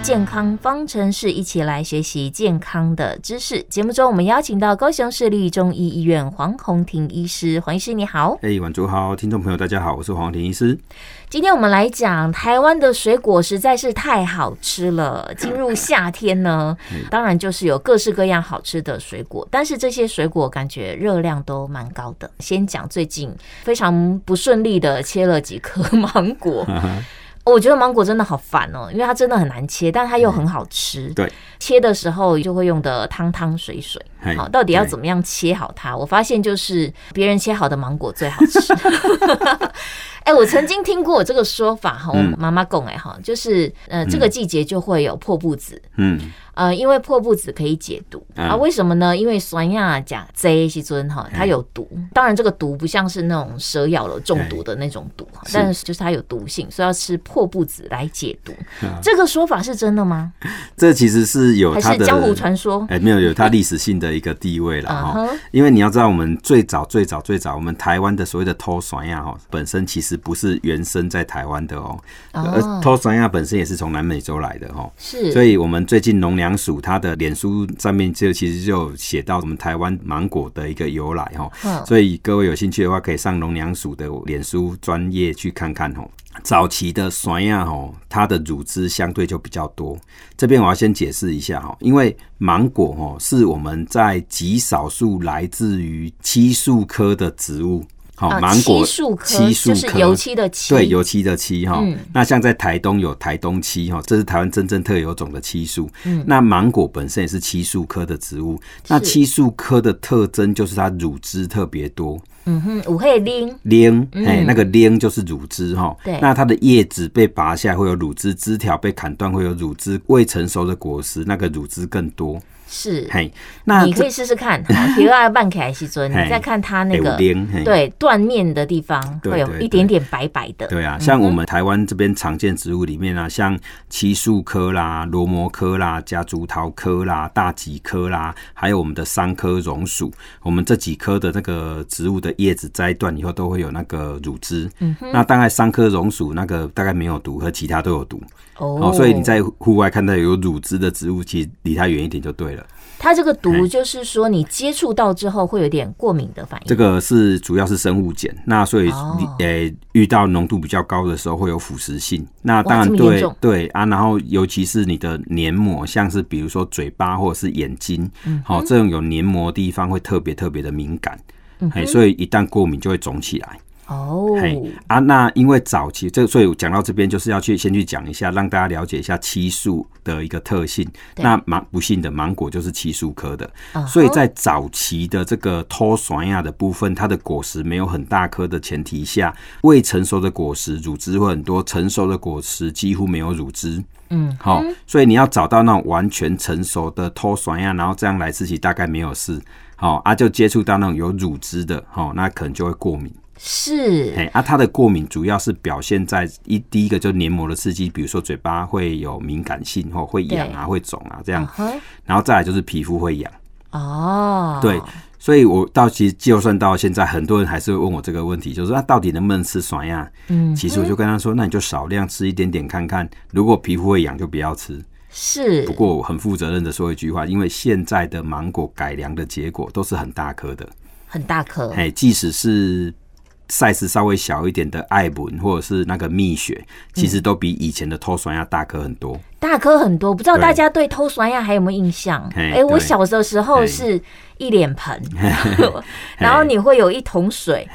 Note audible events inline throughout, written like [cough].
健康方程式，一起來學習健康的知識。節目中，我們邀請到高雄市立中醫醫院黃宏庭醫師。黃醫師，你好。哎，晚上好，聽眾朋友，大家好，我是黃宏庭醫師。今天我們來講，台灣的水果實在是太好吃了。進入夏天呢，當然就是有各式各樣好吃的水果，但是這些水果感覺熱量都蠻高的。先講最近非常不順利的切了幾顆芒果。我覺得芒果真的好煩哦、喔，因為它真的很難切，但它又很好吃。嗯，對。切的時候就會用的湯湯水水，好，到底要怎麼樣切好它？我發現就是別人切好的芒果最好吃。哎、 [laughs] [laughs] 欸，我曾經聽過這個說法哈、嗯，我媽媽講哎哈，就是呃、嗯、這個季節就會有破布子，嗯，呃，因為破布子可以解毒、嗯、啊。為什麼呢？因為酸亞甲 Z 西尊哈，它有毒。當然這個毒不像是那種蛇咬了中毒的那種毒，但是就是它有毒性，所以要吃破布子來解毒、啊。這個說法是真的嗎？這其實是。是，有它的是江湖傳說？哎、欸，沒有，有它歷史性的一個地位了哈。 [laughs] uh -huh. 因為你要知道，我們最早最早最早，我們台灣的所謂的偷酸亞哈本身其實不是原生在台灣的哦，而偷酸亞本身也是從南美洲來的哈、哦。是、uh -huh.，所以我們最近農糧署它的臉書上面就其實就寫到我們台灣芒果的一個由來哈、哦。Uh -huh. 所以各位有興趣的話，可以上農糧署的臉書專頁去看看哦。早期的酸呀，吼，它的乳汁相對就比較多。這邊我要先解釋一下，哈，因為芒果，吼，是我們在極少數來自於漆樹科的植物。好，芒果，漆、啊、樹科，科，就是油漆的漆，對，油漆的漆哈、嗯。那像在台東有台東漆哈，這是台灣真正特有種的漆樹、嗯。那芒果本身也是漆樹科的植物。那漆樹科的特徵就是它乳汁特別多。嗯哼，我可以拎，拎，哎、嗯，那個拎就是乳汁哈、嗯喔。那它的葉子被拔下會有乳汁，枝條被砍斷會有乳汁，未成熟的果實，那個乳汁更多。是，嘿，那你可以試試看，提個半顆西尊， [laughs] 你再看它那個，對，對。斷面的地方對對對會有一點點白白的。對,對啊、嗯，像我們台灣這邊常見植物裡面啊，像漆樹科啦、羅摩科啦、夾竹桃科啦、大戟科啦，還有我們的三科榕屬，我們這幾科的那個植物的葉子摘斷以後都會有那個乳汁。嗯哼，那大概三科榕屬那個大概沒有毒，和其他都有毒哦。哦，所以你在戶外看到有乳汁的植物，其實離它遠一點就對了。它這個毒就是說你接觸到之後會有點過敏的反應。哎、這個是主要是生。物鹼，那所以，誒、oh. 欸，遇到濃度比較高的時候會有腐蝕性。那當然對，對對啊，然後尤其是你的黏膜，像是比如說嘴巴或者是眼睛，好、嗯，這種有黏膜的地方會特別特別的敏感、嗯欸。所以一旦過敏就會腫起來。哦，嘿啊，那因為早期這，所以我講到這邊，就是要去先去講一下，讓大家了解一下漆樹的一個特性。那芒，不幸的芒果就是漆樹科的，oh. 所以在早期的這個托酸亞的部分，它的果實沒有很大顆的前提下，未成熟的果實乳汁會很多，成熟的果實幾乎沒有乳汁。嗯，好，所以你要找到那種完全成熟的托酸亞，然後這樣來吃起大概沒有事。好，啊，就接觸到那種有乳汁的，好，那可能就會過敏。是，哎，啊，他的過敏主要是表現在一第一個就是黏膜的刺激，比如說嘴巴會有敏感性，或會癢啊，會腫啊這樣，uh-huh. 然後再來就是皮膚會癢。哦、oh.，對，所以我到其實就算到現在，很多人還是會問我這個問題，就是說、啊、到底能不能吃酸呀、啊？嗯、mm-hmm.，其實我就跟他說，那你就少量吃一點點看看，如果皮膚會癢就不要吃。是，不過我很負責任的說一句話，因為現在的芒果改良的結果都是很大顆的，很大顆，哎，即使是。Size 稍微小一點的愛文或者是那個蜜雪，其實都比以前的土檨要大顆很多、嗯。嗯大顆很多，不知道大家對偷酸呀還有沒有印象？哎、欸，我小的時候是一臉盆， [laughs] 然後你會有一桶水，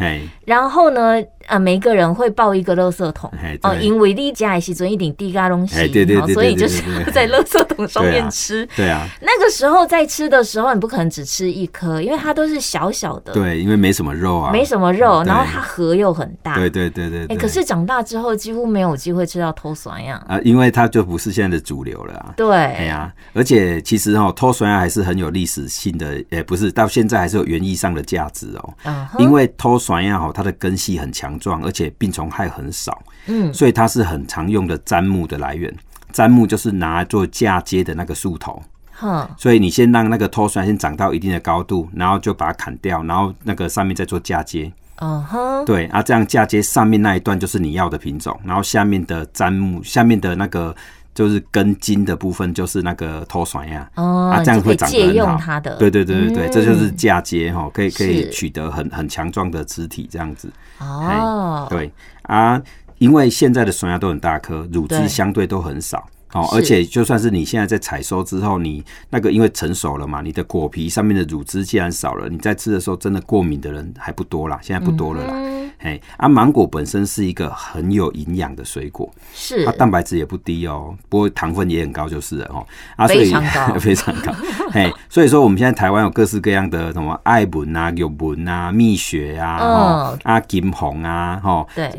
然後呢，呃，每一個人會抱一個垃圾桶，哦，因為你一家也是裝一頂低嘎東西，對對，對對對，所以就是在垃圾桶上面吃。對啊，對啊，那個時候在吃的時候，你不可能只吃一顆，因為它都是小小的，對，因為沒什麼肉啊，沒什麼肉，然後它核又很大，對對對對、對。哎、欸，可是長大之後幾乎沒有機會吃到偷酸呀。啊，因為它就不是現在。是主流了啊，對，哎呀，而且其實哦，托栓還是很有歷史性的，也、欸、不是到現在還是有園藝上的價值哦。Uh -huh. 因為托栓呀，它的根系很強壯，而且病蟲害很少。嗯，所以它是很常用的砧木的來源。砧木就是拿來做嫁接的那個樹頭。Uh -huh. 所以你先讓那個托栓先長到一定的高度，然後就把它砍掉，然後那個上面再做嫁接。嗯、uh -huh. 對啊，這樣嫁接上面那一段就是你要的品種，然後下面的砧木下面的那個。就是根莖的部分，就是那個脫筍芽，oh, 啊，這樣會長得很好。的對對對對對，嗯、這就是嫁接哈，可以可以取得很很強壯的枝體這樣子。哦、oh.，對啊，因為現在的筍芽都很大顆，乳汁相對都很少哦，而且就算是你現在在採收之後，你那個因為成熟了嘛，你的果皮上面的乳汁既然少了，你在吃的時候真的過敏的人還不多啦，現在不多了啦。嗯哎，啊，芒果本身是一個很有營養的水果，是它、啊、蛋白質也不低哦，不過糖分也很高，就是了哦。啊，所以，非常高， [laughs] 非常高。哎、 [laughs] 所以說我們現在台灣有各式各樣的什麼愛文啊、友文啊、蜜雪啊、阿金紅啊，啊對，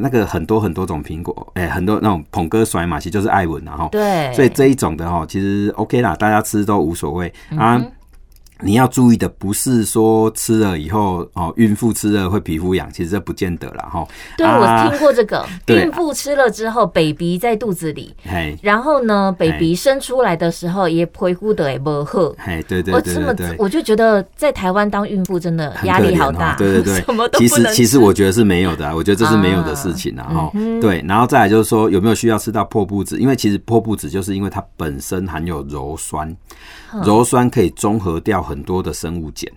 那個很多很多種蘋果、欸，很多那種捧哥甩馬其實就是愛文啊，對，所以這一種的吼，其實 OK 啦，大家吃都無所謂、嗯、啊。你要注意的不是說吃了以後哦，孕婦吃了會皮膚癢，其實這不見得了哈。對、啊、我聽過這個，孕婦吃了之後、啊、，baby 在肚子裡，然後呢，baby 生出來的時候也皮膚的也不好。哎，對對對、對，我這麼對對對對我就覺得在台灣當孕婦真的壓力好大、哦。對對對，什麼都不能其實其實我覺得是沒有的、啊，我覺得這是沒有的事情啊。哈、啊嗯，對，然後再來就是說有沒有需要吃到破布子，因為其實破布子就是因為它本身含有鞣酸。鞣酸可以中和掉很多的生物鹼。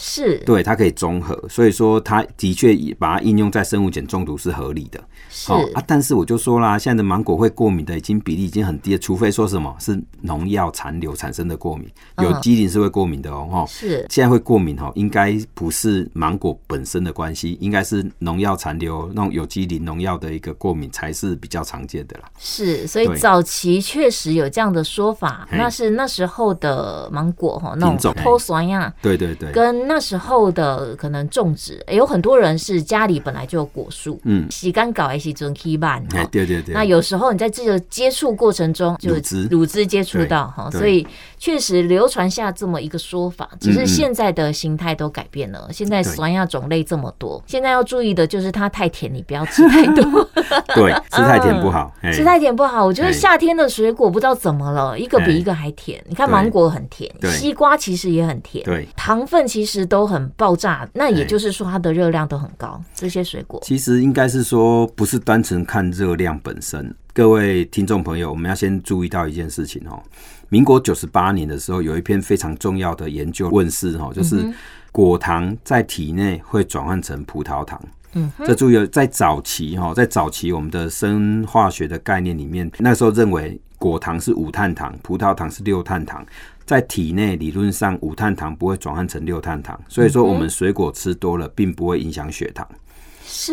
是，對它可以中和，所以說它的確也把它應用在生物鹼中毒是合理的。是、哦、啊，但是我就說啦，現在的芒果會過敏的已經比例已經很低了，除非說什麼是農藥殘留產生的過敏，嗯、有機磷是會過敏的哦，哦。是，現在會過敏哈，應該不是芒果本身的關係，應該是農藥殘留那種有機磷農藥的一個過敏才是比較常見的啦。是，所以早期確實有這樣的說法，那是那時候的芒果哈，那種脫酸呀、啊，對對對，跟。那時候的可能種植、欸、有很多人是家裡本來就有果樹，嗯，洗干搞一些蒸雞飯，哎、嗯嗯，對對對。那有時候你在這個接觸過程中就乳汁乳汁接觸到哈，所以確實流傳下這麼一個說法，只是現在的形態都改變了。嗯、現在酸亞種類這麼多，現在要注意的就是它太甜，你不要吃太多。對， [laughs] 對吃太甜不好、嗯欸，吃太甜不好。我覺得夏天的水果不知道怎麼了，一個比一個還甜。欸、你看芒果很甜，西瓜其實也很甜，對糖分其實。都很爆炸，那也就是說它的熱量都很高。這些水果其實應該是說，不是單純看熱量本身。各位聽眾朋友，我們要先注意到一件事情哦。民國九十八年的時候，有一篇非常重要的研究問世哦，就是果糖在體內會轉換成葡萄糖。嗯，這注意在早期哈，在早期我們的生化學的概念裡面，那時候認為果糖是五碳糖，葡萄糖是六碳糖。在體內理論上，五碳糖不會轉換成六碳糖，所以說我們水果吃多了、嗯、並不會影響血糖。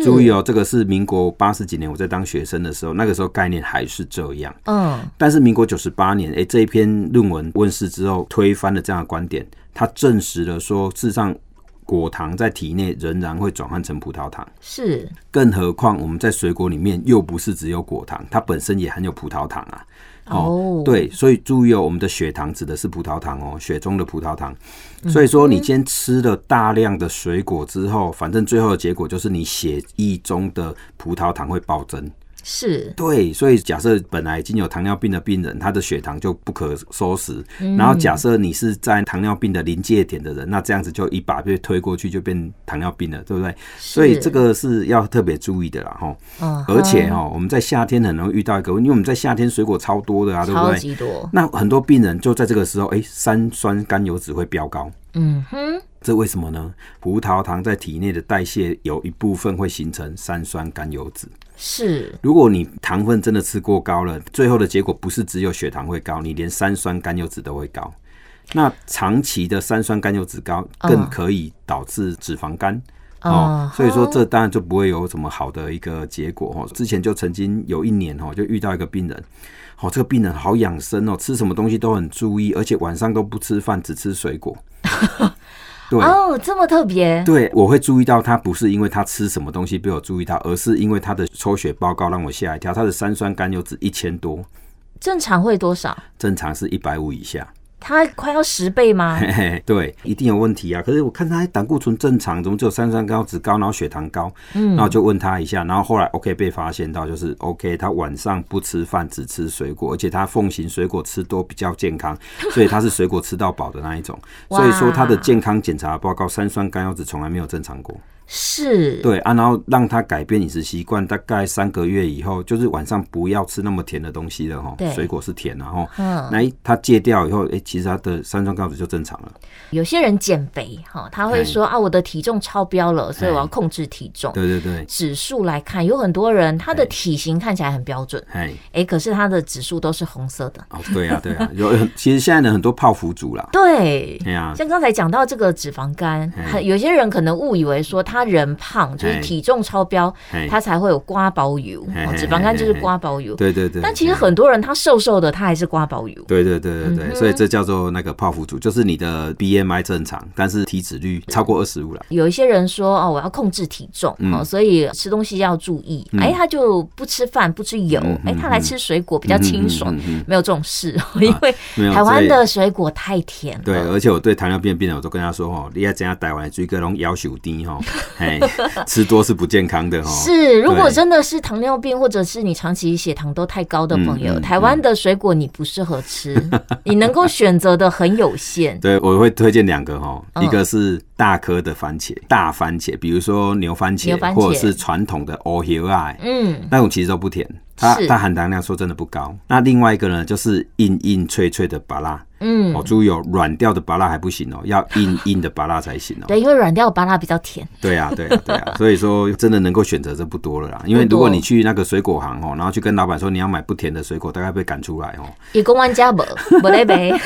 注意哦，這個是民國八十幾年我在當學生的時候，那個時候概念還是這樣。嗯。但是民國九十八年，哎、欸，這一篇論文問世之後，推翻了這樣的觀點，它證實了說，事實上果糖在體內仍然會轉換成葡萄糖。是。更何況我們在水果裡面又不是只有果糖，它本身也含有葡萄糖啊。哦，對，所以注意哦，我們的血糖指的是葡萄糖哦，血中的葡萄糖。所以說，你今天吃了大量的水果之後，反正最後的結果就是你血液中的葡萄糖會暴增。是對，所以假設本來已經有糖尿病的病人，他的血糖就不可收拾。嗯、然後假設你是在糖尿病的臨界點的人，那這樣子就一把被推過去，就變糖尿病了，對不對？所以這個是要特別注意的啦，哦，uh -huh. 而且哦，我們在夏天很容易遇到一個，因為我們在夏天水果超多的啊，對不對？超級多。那很多病人就在這個時候，哎、欸，三酸甘油酯會飆高。嗯哼。這為什麼呢？葡萄糖在體內的代謝有一部分會形成三酸甘油酯。是，如果你糖分真的吃過高了，最後的結果不是只有血糖會高，你連三酸甘油酯都會高。那長期的三酸甘油酯高，更可以導致脂肪肝。uh, uh-huh. 哦。所以說，這當然就不會有什麼好的一個結果哦。之前就曾經有一年哦，就遇到一個病人，哦，這個病人好養生哦，吃什麼東西都很注意，而且晚上都不吃飯，只吃水果。 [laughs] 對，哦，這麼特別！對，我會注意到他不是因為他吃什麼東西被我注意到，而是因為他的抽血報告讓我嚇一跳，他的三酸甘油酯一千多，正常會多少？正常是一百五以下。他快要十倍嗎？嘿嘿，對，一定有問題啊！可是我看他膽固醇正常，怎麼只有三酸甘油脂高，然後血糖高，嗯，然後就問他一下，然後後來 OK 被發現到就是 OK，他晚上不吃飯，只吃水果，而且他奉行水果吃多比較健康，所以他是水果吃到飽的那一種， [laughs] 所以說他的健康檢查報告，三酸甘油脂從來沒有正常過。是，對啊，然後讓他改變飲食習慣，大概三個月以後，就是晚上不要吃那麼甜的東西了哈。對，水果是甜的然、啊、後，嗯，那一他戒掉以後，哎、欸，其實他的三酸甘脂就正常了。有些人減肥哈、哦，他會說啊，我的體重超標了，所以我要控制體重。對對對，指數來看，有很多人他的體型看起來很標準，哎哎、欸，可是他的指數都是紅色的。哦，對啊對啊，有其實現在的很多泡芙族啦。對，對啊、像剛才講到這個脂肪肝，有些人可能誤以為說他。他人胖就是體重超標，hey, 他才會有瓜包油，hey, 喔、hey, 脂肪肝就是瓜包油。對對對，但其實很多人他瘦瘦的，他還是瓜包油。對對對對對,對、嗯，所以這叫做那個泡芙族，就是你的 B M I 正常，但是體脂率超過二十五了。有一些人說哦，我要控制體重、嗯，哦，所以吃東西要注意。哎、嗯欸，他就不吃飯，不吃油。哎、嗯欸，他來吃水果比較清爽，嗯嗯嗯嗯嗯嗯、沒有這種事，啊、因為台灣的水果太甜、啊。對，而且我對糖尿病病人我都跟他說哦、喔，你要怎樣帶我做追個龍種幺小哈。喔哎， [laughs] 吃多是不健康的、哦、是，如果真的是糖尿病，或者是你長期血糖都太高的朋友，嗯嗯嗯、台灣的水果你不適合吃， [laughs] 你能夠選擇的很有限。對，我會推薦兩個哈、哦嗯，一個是大顆的番茄、嗯，大番茄，比如說牛番茄，番茄或者是傳統的黑柿仔嗯，那種其實都不甜，它它含糖量說真的不高。那另外一個呢，就是硬硬脆脆的芭樂。嗯，注意哦，軟掉的芭樂還不行哦，要硬硬的芭樂才行哦。對，因為軟掉的芭樂比較甜。 [laughs] 對啊，對啊，對啊。所以說，真的能夠選擇這不多了啦。因為如果你去那個水果行哦，然後去跟老闆說你要買不甜的水果，大概被趕出來哦。也公安家不不嘞唄，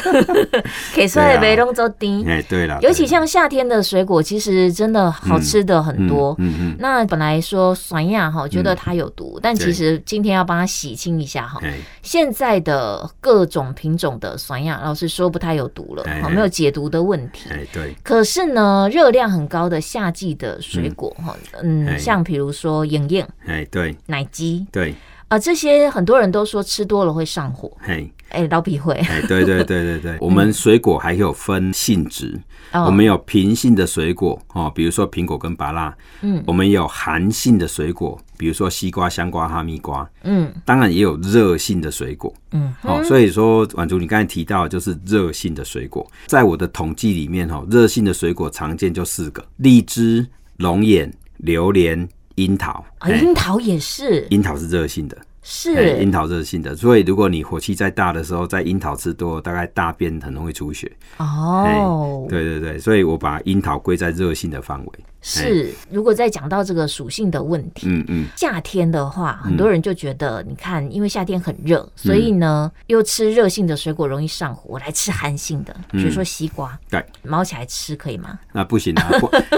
可以算微龍走丁。哎， [laughs] [laughs] 對了、啊啊啊啊啊，尤其像夏天的水果，其實真的好吃的很多。嗯嗯，嗯，嗯。那本來說酸亞哈，覺得它有毒，嗯、但其實今天要幫它洗清一下哈。現在的各種品種的酸亞，然後。是說不太有毒了哎、哎，沒有解毒的問題。哎、可是呢，熱量很高的夏季的水果，嗯，嗯、哎、像比如說楊艷、哎，對，奶雞，對，啊、呃，這些很多人都說吃多了會上火，哎哎、欸，老比會、欸、對對對對對， [laughs] 我們水果還有分性質、嗯，我們有平性的水果哦、喔，比如說蘋果跟芭樂。嗯，我們有寒性的水果，比如說西瓜、香瓜、哈密瓜，嗯，當然也有熱性的水果，嗯，哦、喔，所以說，婉竹你剛才提到，就是熱性的水果，在我的統計裡面，哈、喔，熱性的水果常見就四個：荔枝、龍眼、榴蓮、櫻桃。啊、欸，櫻、哦、桃也是。櫻桃是熱性的。是。Hey, 櫻桃熱性的，所以如果你火氣再大的時候，在櫻桃吃多，大概大便可能會出血哦。Oh. Hey, 對對對，所以我把櫻桃歸在熱性的範圍。是、欸，如果再講到這個屬性的問題，嗯嗯，夏天的話，嗯、很多人就覺得，你看，因為夏天很熱、嗯，所以呢，又吃熱性的水果容易上火，我來吃寒性的，所、嗯、以說西瓜，對，毛起來吃可以嗎？那不行啊，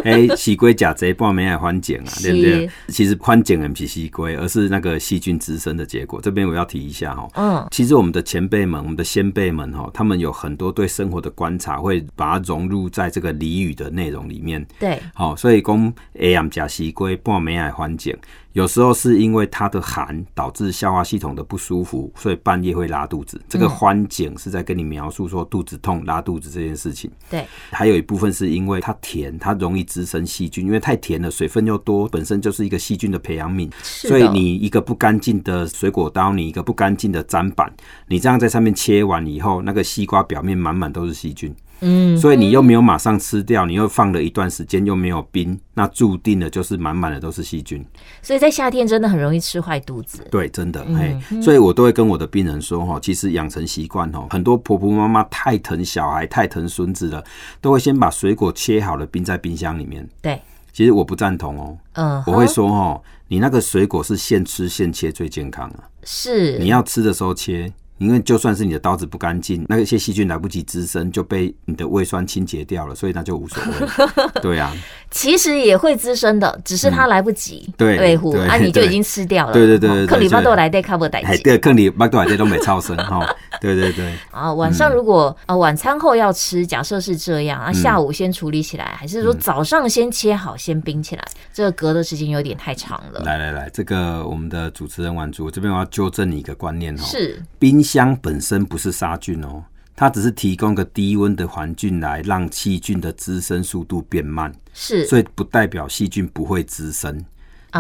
哎，西瓜甲賊，半沒愛寬簡啊，對不對？其實寬簡而不是西瓜，而是那個細菌滋生的結果。這邊我要提一下哈，嗯，其實我們的前輩們、我們的先輩們哈，他們有很多對生活的觀察，會把它融入在這個俚語的內容裡面。對，好，所以。所以公 AM 甲西瓜半梅矮歡減，有時候是因為它的寒導致消化系統的不舒服，所以半夜會拉肚子。這個歡景是在跟你描述說肚子痛、拉肚子這件事情。對、嗯，還有一部分是因為它甜，它容易滋生細菌，因為太甜了，水分又多，本身就是一個細菌的培養皿。所以你一個不乾淨的水果刀，你一個不乾淨的砧板，你這樣在上面切完以後，那個西瓜表面滿滿都是細菌。嗯，所以你又沒有馬上吃掉，你又放了一段時間，又沒有冰，那注定的就是滿滿的都是細菌。所以在夏天真的很容易吃壞肚子。對，真的，哎、嗯，所以我都會跟我的病人說，哈，其實養成習慣哦，很多婆婆媽媽太疼小孩，太疼孫子了，都會先把水果切好了冰在冰箱裡面。對，其實我不贊同哦，嗯、uh-huh，我會說，哦，你那個水果是現吃現切最健康了。是，你要吃的時候切。因為就算是你的刀子不乾淨，那一些細菌來不及滋生，就被你的胃酸清潔掉了，所以那就無所謂。對啊， [laughs] 其實也會滋生的，只是它來不及對對、嗯、對，那、啊、你就已經吃掉了。對對對克里巴多來得卡不帶急，克里巴多來得都沒超生哈、 [laughs] 哦。對對對。啊，晚上如果啊、嗯、呃、晚餐後要吃，假設是這樣，啊下午先處理起來，嗯、還是說早上先切好先冰起來？嗯、這個隔的時間有點太長了。來來來，這個我們的主持人婉珠，我這邊我要糾正你一個觀念哈，是冰。箱本身不是殺菌哦，它只是提供個低溫的環境來讓細菌的滋生速度變慢，是，所以不代表細菌不會滋生。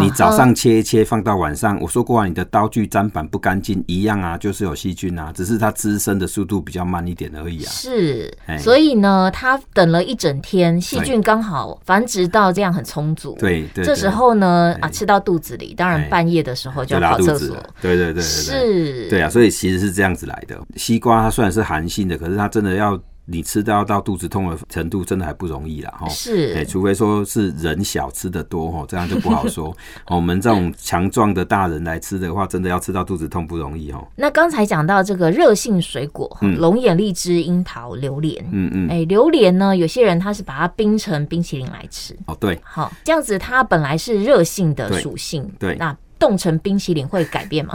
你早上切一切，uh -huh. 放到晚上，我說過啊，你的刀具砧板不乾淨一樣啊，就是有細菌啊，只是它滋生的速度比較慢一點而已啊。是，哎，所以呢，它等了一整天，細菌剛好繁殖到這樣很充足。對，對對對，這時候呢，哎，啊，吃到肚子裡，當然半夜的時候就跑廁所要拉肚子了。對對，對對對，是，對啊，所以其實是這樣子來的。西瓜它雖然是寒性的，可是它真的要。你吃到到肚子痛的程度，真的還不容易了哈。是，哎、欸，除非說是人小吃得多哈，這樣就不好說。 [laughs] 我們這種強壯的大人來吃的話，真的要吃到肚子痛不容易哦。那剛才講到這個熱性水果，龍眼、荔枝、櫻桃、榴蓮，嗯嗯，哎、嗯，欸，榴蓮呢，有些人他是把它冰成冰淇淋來吃哦，對，好，這樣子它本來是熱性的屬性，對，對，那。凍成冰淇淋會改變嗎？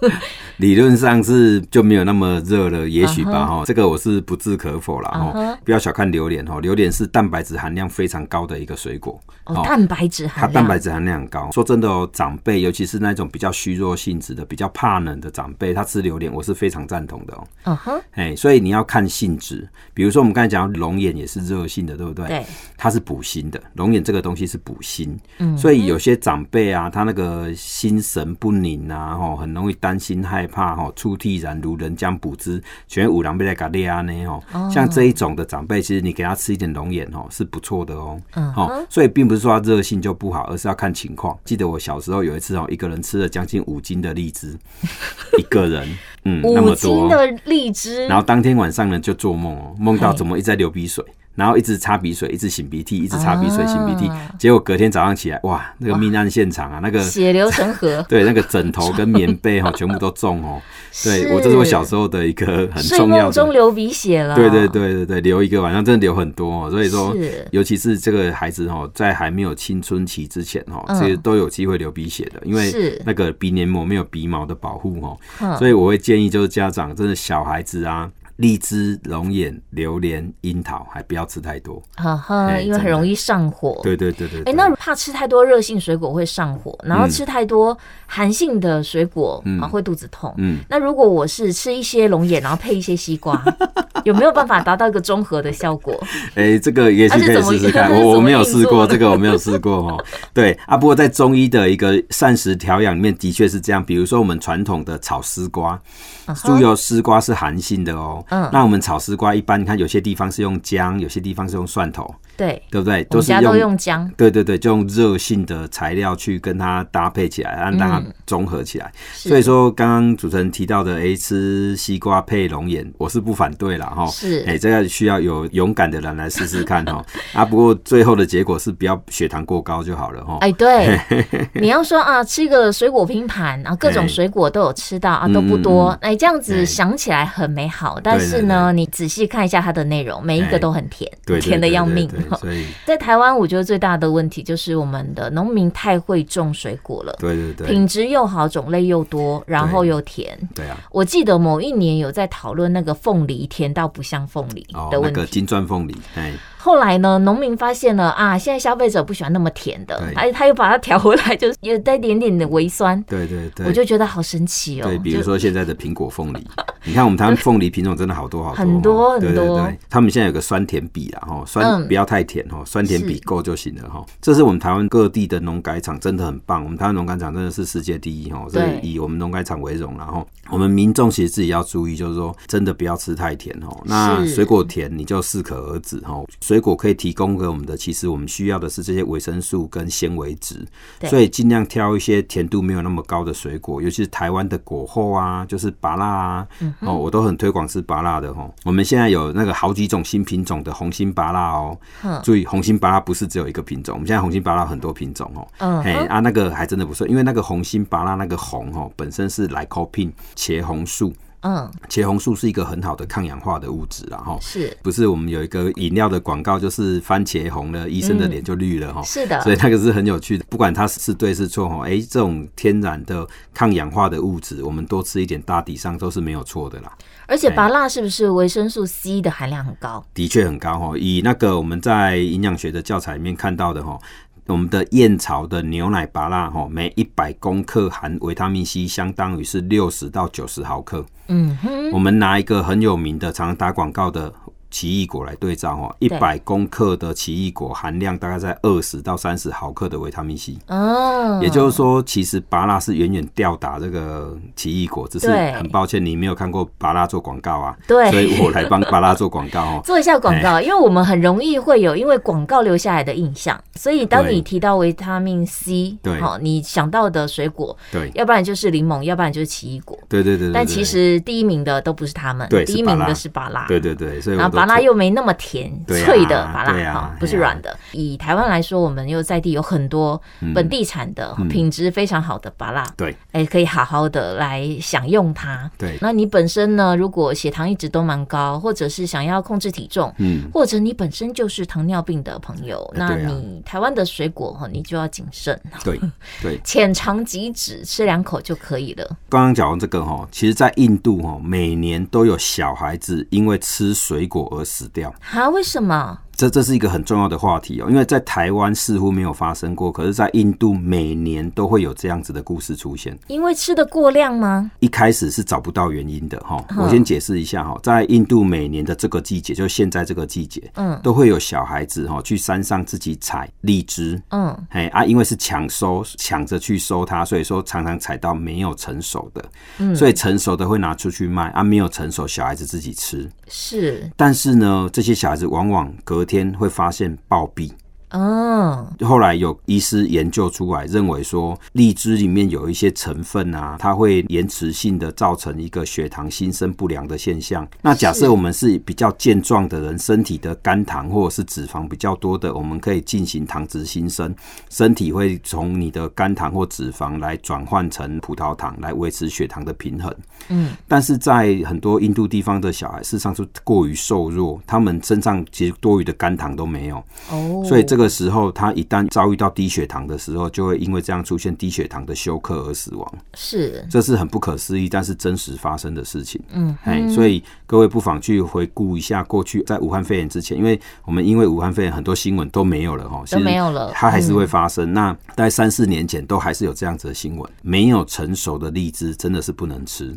[laughs] 理論上是就沒有那麼熱了，也許吧哈。Uh -huh. 這個我是不置可否了哈、uh -huh. 哦。不要小看榴蓮哈，榴蓮是蛋白質含量非常高的一個水果。Uh -huh. 哦，蛋白質含它蛋白質含量很高。說真的哦，長輩尤其是那種比較虛弱性質的、比較怕冷的長輩，他吃榴蓮我是非常贊同的哦。嗯哼。哎，所以你要看性質。比如說我們剛才講龍眼也是熱性的，對不對？對。它是補心的，龍眼這個東西是補心。嗯、uh -huh.。所以有些長輩啊，他那個。心神不寧吶、啊，吼、哦，很容易擔心害怕，吼、哦，怵惕然如人將捕之，全五郎被他咖喱呢，吼、哦哦，像這一種的長輩，其實你給他吃一點龍眼，吼、哦，是不錯的哦，嗯哦，所以並不是說他熱性就不好，而是要看情況。記得我小時候有一次，哦，一個人吃了將近五斤的荔枝， [laughs] 一個人，嗯那麼多，五斤的荔枝，然後當天晚上呢就做夢，哦，夢到怎麼一直在流鼻水。然後一直擦鼻水，一直擤鼻涕，一直擦鼻水、擤、啊、鼻涕，結果隔天早上起來，哇，那個命案現場啊，那個血流成河。 [laughs] 對，那個枕頭跟棉被哈， [laughs] 全部都中哦。對，我這是我小時候的一個很重要的。睡夢中流鼻血了。對對對對對，流一個晚上真的流很多哦。所以說，尤其是這個孩子哦，在還沒有青春期之前哦，其、嗯、實都有機會流鼻血的，因為那個鼻黏膜沒有鼻毛的保護哦、嗯，所以我會建議就是家長，真的小孩子啊。荔枝、龍眼、榴蓮、櫻桃，還不要吃太多，哈哈，因為很容易上火。欸、對，對，對對對對。哎、欸，那怕吃太多熱性水果會上火，然後吃太多寒性的水果啊、嗯、會肚子痛嗯。嗯，那如果我是吃一些龍眼，然後配一些西瓜， [laughs] 有沒有辦法達到一個綜合的效果？哎 [laughs] 欸，這個也許可以試試看。我我沒有試過這個，我沒有試過哈。 [laughs] 過 [laughs] 對啊，不過在中醫的一個膳食調養裡面，的確是這樣。比如說我們傳統的炒絲瓜，豬、uh -huh. 油絲瓜是寒性的哦。嗯，那我們炒絲瓜一般，你看有些地方是用薑，有些地方是用蒜頭，對，對不對？都用,、就是、用,用薑，對對對，就用熱性的材料去跟它搭配起來，讓它綜合起來。嗯、所以說，剛剛主持人提到的，哎，吃西瓜配龍眼，我是不反對了哈。是，哎，這個需要有勇敢的人來試試看哈。 [laughs] 啊，不過最後的結果是不要血糖過高就好了哈。哎，對， [laughs] 你要說啊，吃一個水果拼盤啊，各種水果都有吃到、哎、啊，都不多嗯嗯嗯，哎，這樣子想起來很美好，哎、但。但是呢，你仔細看一下它的內容，每一個都很甜，欸、甜的要命。對對對對，所以，在台灣，我覺得最大的問題就是我們的農民太會種水果了，對對對，品質又好，對對對，種類又多，然後又甜。對，對啊，我記得某一年有在討論那個鳳梨甜到不像鳳梨的問題，哦，那個、金鑽鳳梨，對。後來呢，農民發現了啊，現在消費者不喜歡那麼甜的，而且他又把它調回來，就是有帶一點點的微酸。對對對，我就覺得好神奇哦、喔。對，比如說現在的蘋果鳳梨， [laughs] 你看我們台灣鳳梨品種。真的好多好多，很多很多，哦。對對對，他們現在有個酸甜比了哈，酸、嗯、不要太甜哈，酸甜比夠就行了哈。這是我們台灣各地的農改場，真的很棒，我們台灣農改場真的是世界第一哈。所以以我們農改場為榮，然後我們民眾其實自己要注意，就是說真的不要吃太甜哦。那水果甜你就適可而止哈。水果可以提供給我們的，其實我們需要的是這些維生素跟纖維質，所以盡量挑一些甜度沒有那麼高的水果，尤其是台灣的果後啊，就是芭樂啊、嗯、哦，我都很推廣是。芭樂的吼，我們現在有那個好幾種新品種的紅心芭樂哦。注意紅心芭樂不是只有一個品種，我們現在紅心芭樂很多品種哦。嗯，哎啊，那個還真的不錯，因為那個紅心芭樂那個紅吼本身是 lycopene 茄紅素。嗯，茄紅素是一個很好的抗氧化的物質啦哈。是，不是我們有一個飲料的廣告，就是番茄紅了，醫生的臉就綠了哈、嗯。是的，所以那個是很有趣的。不管它是對是錯哈，哎、欸，這種天然的抗氧化的物質，我們多吃一點，大抵上都是沒有錯的啦。而且，芭樂是不是維生素 C 的含量很高？欸、的確很高哈。以那個我們在營養學的教材裡面看到的哈。我們的燕巢的牛奶芭樂每一百公克含維他命 C，相當於是六十到九十毫克。嗯哼，我們拿一個很有名的，常常打廣告的。奇異果來對照哦，一百公克的奇異果含量大概在二十到三十毫克的維他命 C。哦，也就是說，其實芭樂是遠遠吊打這個奇異果。只是很抱歉，你沒有看過芭樂做廣告啊。對，所以我來幫芭樂做廣告哦、喔， [laughs] 做一下廣告，因為我們很容易會有因為廣告留下來的印象，所以當你提到維他命 C，對，好，你想到的水果，對，要不然就是檸檬，要不然就是奇異果。對對對對。但其實第一名的都不是他們，第一名的是芭樂。對對對，所以我。芭樂又沒那麼甜，啊、脆的芭樂，哈、啊啊，不是軟的、啊。以台灣來說，我們又在地有很多本地產的、嗯、品質非常好的芭樂，對、嗯，哎、欸，可以好好的來享用它。對，那你本身呢？如果血糖一直都蠻高，或者是想要控制體重，嗯，或者你本身就是糖尿病的朋友，嗯、那你台灣的水果哈，你就要謹慎。對對，淺 [laughs] 嘗即止，吃兩口就可以了。剛剛講完這個哈，其實在印度哈，每年都有小孩子因為吃水果。我死掉啊？為什麼？這這是一個很重要的話題哦，因為在台灣似乎沒有發生過，可是，在印度每年都會有這樣子的故事出現。因為吃得過量嗎？一開始是找不到原因的哈。我先解釋一下哈，在印度每年的這個季節，就現在這個季節，嗯，都會有小孩子哈去山上自己採荔枝，嗯，啊，因為是搶收，搶着去收它，所以說常常採到沒有成熟的，嗯，所以成熟的會拿出去賣，啊，沒有成熟小孩子自己吃，是。但是呢，這些小孩子往往隔天。天會發現暴斃。嗯、oh.，後來有醫師研究出來，認為說荔枝裡面有一些成分啊，它會延遲性的造成一個血糖新生不良的現象。那假設我們是比較健壯的人，身體的肝糖或者是脂肪比較多的，我們可以進行糖質新生，身體會從你的肝糖或脂肪來轉換成葡萄糖來維持血糖的平衡。嗯，但是在很多印度地方的小孩事實上是過於瘦弱，他們身上其實多餘的肝糖都沒有哦，oh. 所以這個。個時候，他一旦遭遇到低血糖的時候，就會因為這樣出現低血糖的休克而死亡。是，這是很不可思議，但是真實發生的事情。嗯，所以各位不妨去回顧一下過去，在武漢肺炎之前，因為我們因為武漢肺炎很多新聞都沒有了，哈，都沒有了，它還是會發生那。那在三四年前，都還是有這樣子的新聞。沒有成熟的荔枝，真的是不能吃。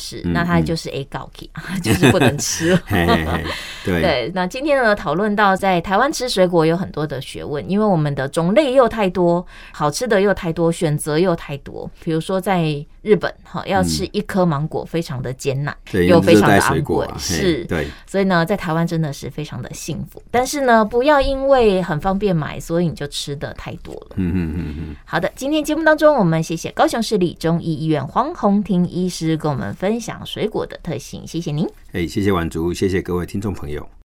是，那它就是 A gout 就是不能吃 [laughs] [laughs] 嘿嘿嘿。對對，那今天呢，討論到在台灣吃水果有很多的學問，因為我們的種類又太多，好吃的又太多，選擇又太多。比如說在。日本哈，要吃一顆芒果，嗯、非常的艱難，又非常的昂貴，是。對。所以呢，在台灣真的是非常的幸福。但是呢，不要因為很方便買，所以你就吃的太多了。嗯嗯嗯，嗯，好的，今天節目當中，我們謝謝高雄市立中醫醫院黃宏庭醫師跟我們分享水果的特性，謝謝您。哎，謝謝婉竹，謝謝各位聽眾朋友。